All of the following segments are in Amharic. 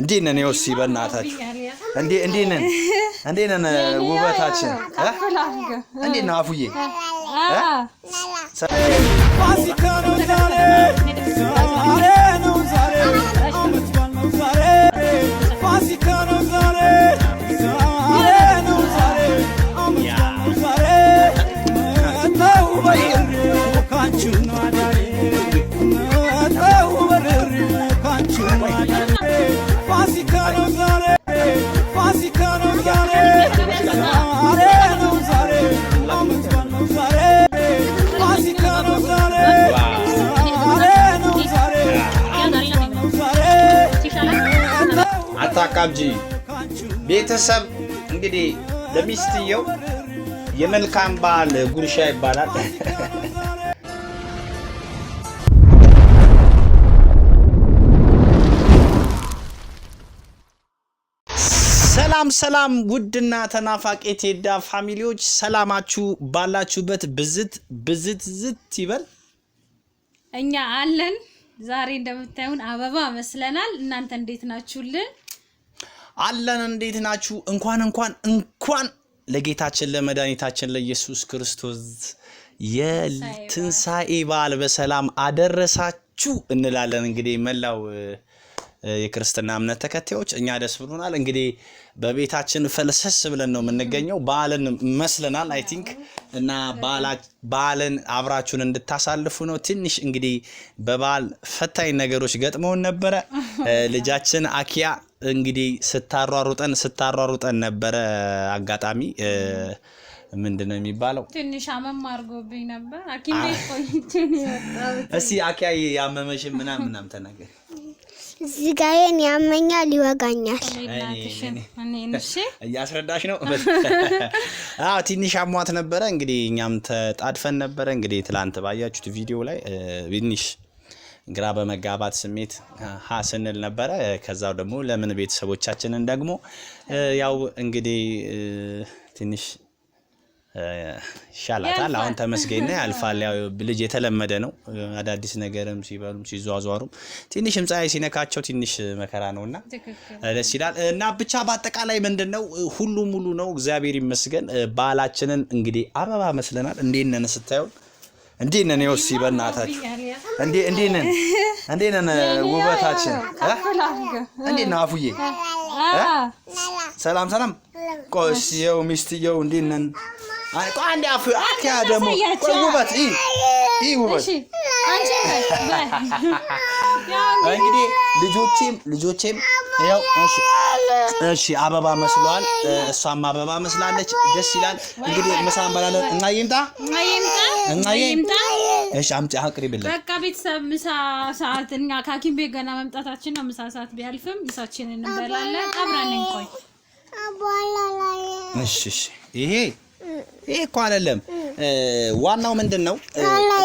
እንዴት ነን? ይወሲ በእናታችሁ እንዴ እንዴ ነን እንዴ ነን? ውበታችን እንዴት ነው? አፉዬ አቃብጂ ቤተሰብ እንግዲህ ለሚስትየው የመልካም በዓል ጉርሻ ይባላል። ሰላም ሰላም፣ ውድና ተናፋቂ ቴዳ ፋሚሊዎች ሰላማችሁ ባላችሁበት ብዝት ብዝት ዝት ይበል። እኛ አለን። ዛሬ እንደምታዩን አበባ መስለናል። እናንተ እንዴት ናችሁልን? አለን እንዴት ናችሁ? እንኳን እንኳን እንኳን ለጌታችን ለመድኃኒታችን ለኢየሱስ ክርስቶስ የትንሣኤ በዓል በሰላም አደረሳችሁ እንላለን። እንግዲህ መላው የክርስትና እምነት ተከታዮች እኛ ደስ ብሎናል። እንግዲህ በቤታችን ፈልሰስ ብለን ነው የምንገኘው። በዓልን መስለናል አይ ቲንክ እና በዓልን አብራችሁን እንድታሳልፉ ነው። ትንሽ እንግዲህ በበዓል ፈታኝ ነገሮች ገጥመውን ነበረ ልጃችን አኪያ እንግዲህ ስታሯሩጠን ስታሯሩጠን ነበረ። አጋጣሚ ምንድን ነው የሚባለው? ትንሽ አመም አድርጎብኝ ነበር። ሐኪም ቤት ቆይቼ እስኪ አኪያ ያመመሽን ምናም ምናም ተናገር። ዝጋዬን ያመኛል፣ ይወጋኛል። እያስረዳሽ ነው። ትንሽ አሟት ነበረ። እንግዲህ እኛም ተጣድፈን ነበረ። እንግዲህ ትላንት ባያችሁት ቪዲዮ ላይ ትንሽ ግራ በመጋባት ስሜት ሀ ስንል ነበረ። ከዛው ደግሞ ለምን ቤተሰቦቻችንን ደግሞ ያው እንግዲህ ትንሽ ይሻላታል አሁን ተመስገኝ ያልፋል። ያው ልጅ የተለመደ ነው። አዳዲስ ነገርም ሲበሉም ሲዟዟሩም ትንሽም ፀሐይ ሲነካቸው ትንሽ መከራ ነውና ደስ ይላል እና ብቻ በአጠቃላይ ምንድን ነው ሁሉ ሙሉ ነው። እግዚአብሔር ይመስገን። በዓላችንን እንግዲህ አበባ መስለናል። እንዴት ነን ስታዩን እንዴ ነን። ይወሲ በእናታችሁ እንዴ ነን፣ እንዴ ነን። ውበታችን እንዴ ነው። አፉዬ ሰላም ሰላም። ቆስ ቆስየው ሚስትየው እንዴ ነን። አንዴ አፉ አትያ ደሞ ደግሞ ውበት ይህ ውበት እንግዲህ ልጆቼም ልጆቼም ያው እሺ አበባ መስሏል። እሷም አበባ መስላለች። ደስ ይላል። እንግዲህ ምሳ እንበላለን። እና ይምጣ እና ይምጣ። እሺ አምጪ አቅርቢልን። በቃ ቤተሰብ ምሳ ሰዓት እኛ ከሐኪም ቤት ገና መምጣታችን ነው። ምሳ ሰዓት ቢያልፍም ምሳችንን እንበላለን። አብራን እንቆይ። እሺ እሺ። ይሄ ይሄ እኮ አይደለም ዋናው ምንድን ነው?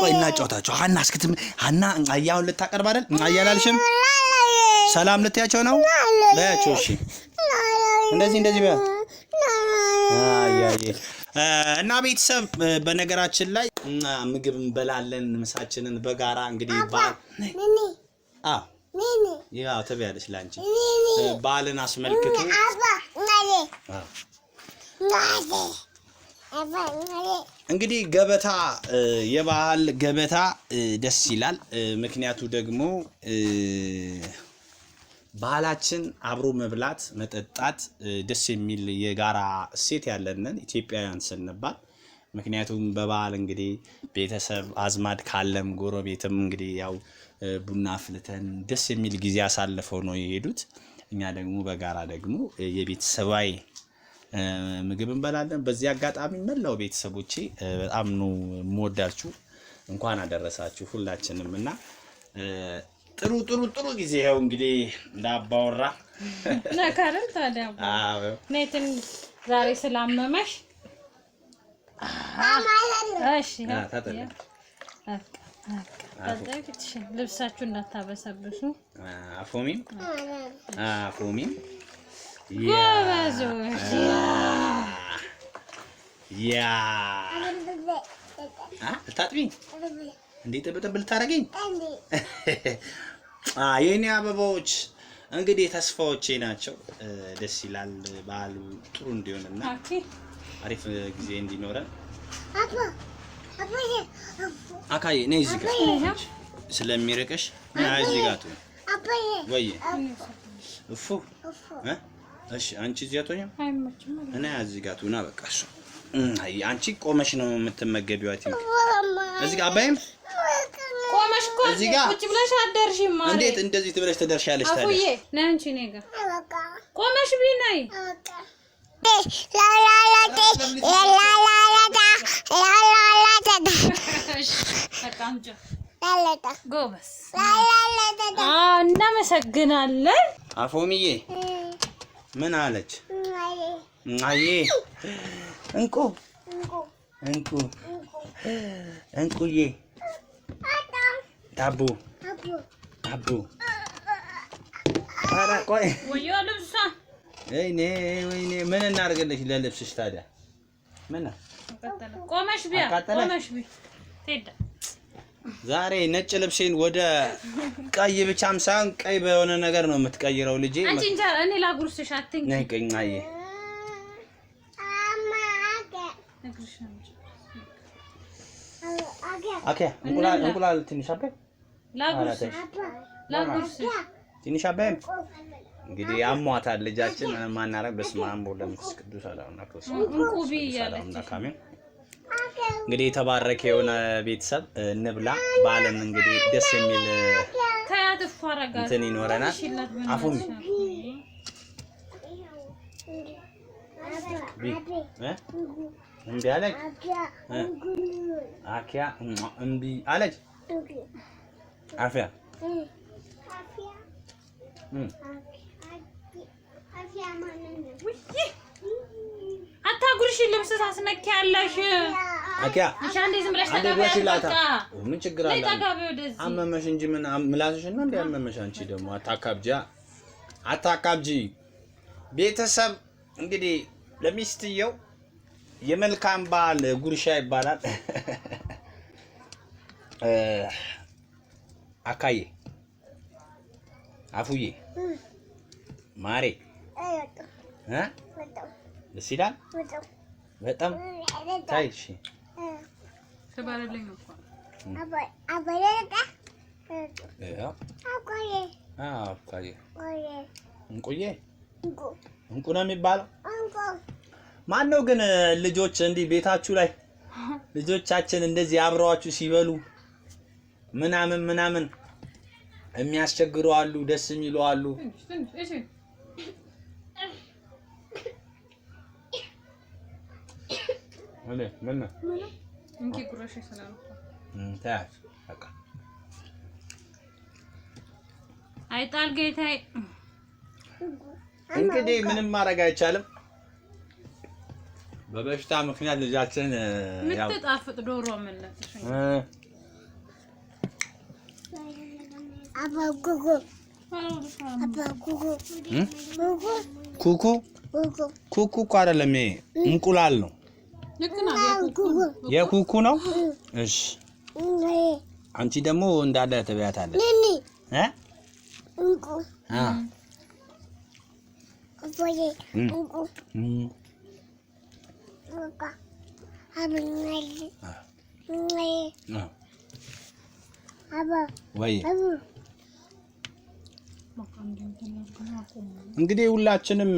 ቆይ እናጫውታቸው። ሀና እስክትም ሀና አያ ሁን ልታቀርብ አይደል? አያ ሰላም ልትያቸው ነው በያቸው። እሺ እንደዚህ እንደዚህ በያ እና ቤተሰብ በነገራችን ላይ ምግብ እንበላለን። ምሳችንን በጋራ እንግዲህ ያው ተብያለች። ለአንቺ በዓልን አስመልክቶ እንግዲህ ገበታ የባህል ገበታ ደስ ይላል። ምክንያቱ ደግሞ ባህላችን አብሮ መብላት፣ መጠጣት ደስ የሚል የጋራ እሴት ያለንን ኢትዮጵያውያን ስንባል ምክንያቱም በበዓል እንግዲህ ቤተሰብ አዝማድ ካለም ጎረቤትም እንግዲህ ያው ቡና አፍልተን ደስ የሚል ጊዜ አሳልፈው ነው የሄዱት። እኛ ደግሞ በጋራ ደግሞ የቤተሰባዊ ምግብ እንበላለን። በዚህ አጋጣሚ መላው ቤተሰቦቼ በጣም ነው የምወዳችሁ። እንኳን አደረሳችሁ ሁላችንም እና ጥሩ ጥሩ ጥሩ ጊዜ ይኸው እንግዲህ እንዳባወራ ነከርን። ታዲያ ኔትን ዛሬ ስላመመሽ ልብሳችሁ እንዳታበሰብሱ። አፎሚም አፎሚም ጎበዞች ያ ልታጥቢ እንዴ ጥብጥብ ልታረገኝ? የኔ አበባዎች እንግዲህ ተስፋዎቼ ናቸው። ደስ ይላል። በዓሉ ጥሩ እንዲሆንና አሪፍ ጊዜ እንዲኖረን አካዬ ነይ እዚህ ጋር ስለሚርቅሽ እዚህ ጋር ትሆን ወይ እፉ እሺ አንቺ እዚህ አትሆኝም እኔ እዚህ ጋር ትሆና በቃ እሱ አንቺ ቆመሽ ነው የምትመገቢው የምትመገቢዋት እዚህ ጋር አባይም እኮ ቁጭ ብለሽ አደርሽ ማለት እንዴት እንደዚህ ትብለሽ ትደርሻለሽ? ታዲያ እናመሰግናለን። አፎምዬ ምን አለች? አዬ እንቁ እንቁ እንቁዬ ዳቦ ዳቦ ኧረ ቆይ ወይኔ ወይኔ ምን እናድርግልሽ ለልብስሽ ታዲያ ምን ቆመሽ ቢያ ቆመሽ ቢ ዛሬ ነጭ ልብሴን ወደ ቀይ ብቻም ሳይሆን ቀይ በሆነ ነገር ነው የምትቀይረው ልጄ አንቺ እንጃ እኔ ላጉርስሽ አትንኪ ነኝ ቀኝ አየ አኪያ እንቁላል እንቁላል ትንሽ አባይ ላጉርስ ትንሽ አባይ እንግዲህ አሟታል ልጃችን ማናረግ በስመ አብ ወወልድ ወመንፈስ ቅዱስ አሐዱ አምላክ እንግዲህ የተባረከ የሆነ ቤተሰብ እንብላ። በዓለም እንግዲህ ደስ የሚል እንትን ይኖረናል። አፉን ቢ እምቢ አለች። አኪያ እምቢ አለች። አፊያ አታጉርሽ፣ ልብስ ታስነኪያለሽ። አኪያ ምን ችግር አለ? አመመሽ እንጂ ምን ምላስሽ እና እንደ አመመሽ። አንቺ ደግሞ አታካብጂ፣ አታካብጂ። ቤተሰብ እንግዲህ ለሚስትየው የመልካም በዓል ጉርሻ ይባላል። አካዬ፣ አፉዬ፣ ማሬ ደስ ይላል በጣም ታይ እሺ እንቁዬ እንቁ ነው የሚባለው። ማን ነው ግን ልጆች እንዲህ ቤታችሁ ላይ ልጆቻችን እንደዚህ አብረዋችሁ ሲበሉ ምናምን ምናምን የሚያስቸግሩ አሉ፣ ደስ የሚሉ አሉ። አይጣል ጌታዬ፣ እንግዲህ ምንም ማድረግ አይቻልም። በበሽታ ምክንያት ልጃችን ምትጣፍጥ ዶሮ መለጥሽ ኩኩ ኩኩ እኮ አይደለም፣ ይሄ እንቁላል ነው። የኩኩ ነው። እሺ፣ አንቺ ደግሞ እንዳለ ትበያታለሽ። እንቁ እንግዲህ ሁላችንም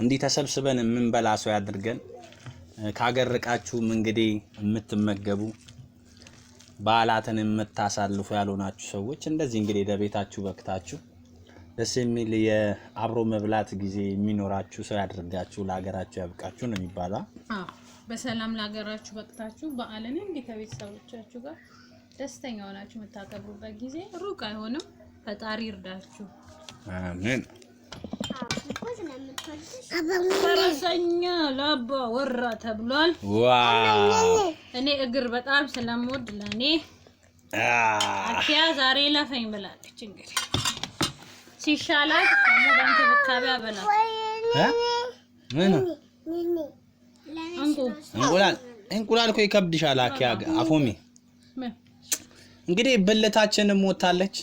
እንዲህ ተሰብስበን የምንበላ ሰው ያድርገን። ካገር ርቃችሁም እንግዲህ የምትመገቡ በዓላትን የምታሳልፉ ያልሆናችሁ ሰዎች እንደዚህ እንግዲህ ለቤታችሁ በቅታችሁ ደስ የሚል የአብሮ መብላት ጊዜ የሚኖራችሁ ሰው ያደርጋችሁ፣ ለሀገራችሁ ያብቃችሁ ነው የሚባላ። በሰላም ለሀገራችሁ በቅታችሁ በዓልን እንዲህ ከቤተሰቦቻችሁ ጋር ደስተኛ ሆናችሁ የምታከብሩበት ጊዜ ሩቅ አይሆንም። ፈጣሪ ይርዳችሁ። አሜን። ፈረሰኛ ላባ ወራ ተብሏል። እኔ እግር በጣም ስለምወድ ለእኔ አኪያ ዛሬ ለፈኝ ብላለች እንግዲህ ሲሻላት እንክብካቤ አበላ እንቁላል እንቁላል እኮ ይከብድሻል። አኪያ አፎሚ እንግዲህ ብልታችንም ሞታለች።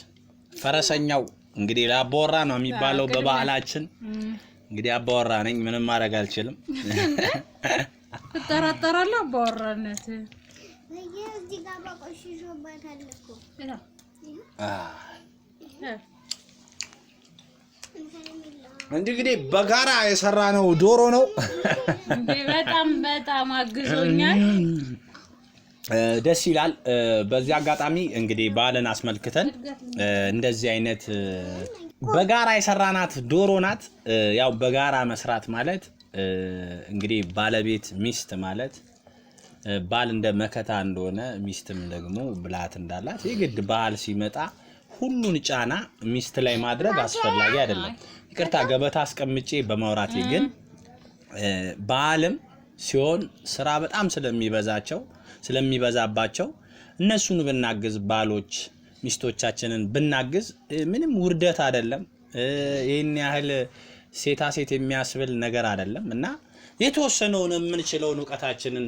ፈረሰኛው እንግዲህ ለአባወራ ነው የሚባለው በባህላችን። እንግዲህ አባወራ ነኝ፣ ምንም ማድረግ አልችልም። ትጠራጠራለህ አባወራነት እንግዲህ በጋራ የሰራ ነው ዶሮ ነው። በጣም በጣም አግዞኛል። ደስ ይላል። በዚህ አጋጣሚ እንግዲህ በዓልን አስመልክተን እንደዚህ አይነት በጋራ የሰራናት ዶሮ ናት። ያው በጋራ መስራት ማለት እንግዲህ ባለቤት ሚስት ማለት ባል እንደ መከታ እንደሆነ ሚስትም ደግሞ ብልሃት እንዳላት የግድ ባህል ሲመጣ ሁሉን ጫና ሚስት ላይ ማድረግ አስፈላጊ አይደለም። ይቅርታ ገበታ አስቀምጬ በመውራት ግን በዓልም ሲሆን ስራ በጣም ስለሚበዛቸው ስለሚበዛባቸው እነሱን ብናግዝ ባሎች ሚስቶቻችንን ብናግዝ ምንም ውርደት አይደለም። ይህን ያህል ሴታ ሴት የሚያስብል ነገር አይደለም እና የተወሰነውን የምንችለውን እውቀታችንን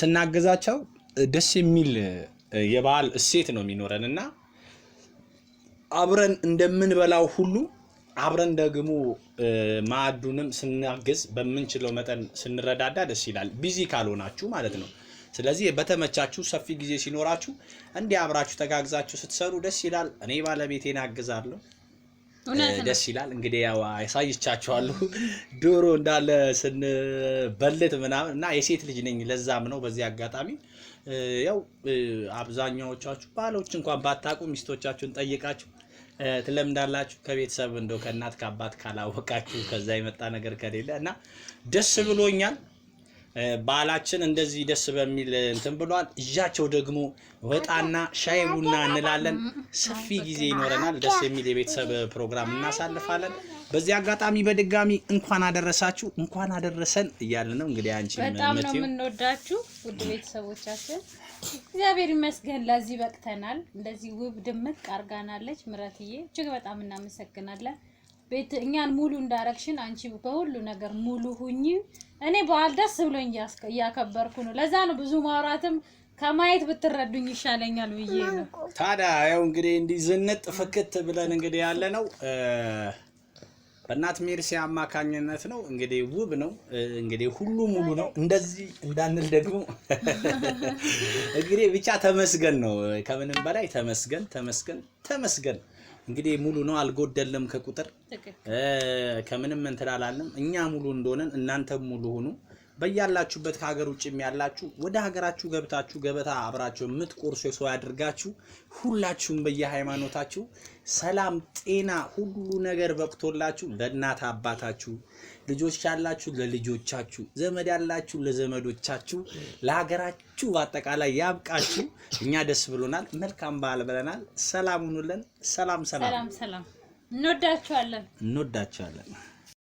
ስናግዛቸው ደስ የሚል የበዓል እሴት ነው የሚኖረን እና አብረን እንደምንበላው ሁሉ አብረን ደግሞ ማዕዱንም ስናግዝ በምንችለው መጠን ስንረዳዳ ደስ ይላል። ቢዚ ካልሆናችሁ ማለት ነው። ስለዚህ በተመቻችሁ ሰፊ ጊዜ ሲኖራችሁ እንዲህ አብራችሁ ተጋግዛችሁ ስትሰሩ ደስ ይላል። እኔ ባለቤቴን አግዛለሁ፣ ደስ ይላል። እንግዲህ ያው አሳይቻችኋለሁ ዶሮ እንዳለ ስንበልት ምናምን እና የሴት ልጅ ነኝ፣ ለዛም ነው በዚህ አጋጣሚ ያው አብዛኛዎቻችሁ ባሎች እንኳን ባታውቁ ሚስቶቻችሁን ጠይቃችሁ ትለምዳላችሁ ከቤተሰብ እንደው ከእናት ከአባት ካላወቃችሁ ከዛ የመጣ ነገር ከሌለ እና ደስ ብሎኛል። ባላችን እንደዚህ ደስ በሚል እንትን ብሏል። እጃቸው ደግሞ ወጣና ሻይ ቡና እንላለን። ሰፊ ጊዜ ይኖረናል። ደስ የሚል የቤተሰብ ፕሮግራም እናሳልፋለን። በዚህ አጋጣሚ በድጋሚ እንኳን አደረሳችሁ እንኳን አደረሰን እያለ ነው እንግዲህ አንቺ በጣም ነው የምንወዳችሁ ውድ ቤተሰቦቻችን። እግዚአብሔር ይመስገን ለዚህ በቅተናል። እንደዚህ ውብ ድምቅ አርጋናለች ምረትዬ፣ እጅግ በጣም እናመሰግናለን። ቤት እኛን ሙሉ እንዳረግሽን አንቺ በሁሉ ነገር ሙሉ ሁኚ። እኔ በዓል ደስ ብሎኝ እያከበርኩ ነው። ለዛ ነው ብዙ ማውራትም ከማየት ብትረዱኝ ይሻለኛል ብዬ ነው። ታዲያ ያው እንግዲህ እንዲህ ዝንጥ ፍክት ብለን እንግዲህ ያለ ነው በእናት ሜርሲ አማካኝነት ነው እንግዲህ ውብ ነው እንግዲህ ሁሉ ሙሉ ነው እንደዚህ እንዳንል ደግሞ እንግዲህ ብቻ ተመስገን ነው ከምንም በላይ ተመስገን ተመስገን ተመስገን እንግዲህ ሙሉ ነው፣ አልጎደለም። ከቁጥር ከምንም እንትን አላለም። እኛ ሙሉ እንደሆነን እናንተም ሙሉ ሁኑ። በያላችሁበት ከሀገር ውጭም ያላችሁ ወደ ሀገራችሁ ገብታችሁ ገበታ አብራችሁ የምትቆርሱ የሰው ያድርጋችሁ። ሁላችሁም በየሃይማኖታችሁ ሰላም፣ ጤና፣ ሁሉ ነገር በቅቶላችሁ ለእናት አባታችሁ፣ ልጆች ያላችሁ ለልጆቻችሁ፣ ዘመድ ያላችሁ ለዘመዶቻችሁ፣ ለሀገራችሁ በአጠቃላይ ያብቃችሁ። እኛ ደስ ብሎናል። መልካም በዓል ብለናል። ሰላም ሁኑልን። ሰላም ሰላም፣ እንወዳችኋለን፣ እንወዳችኋለን።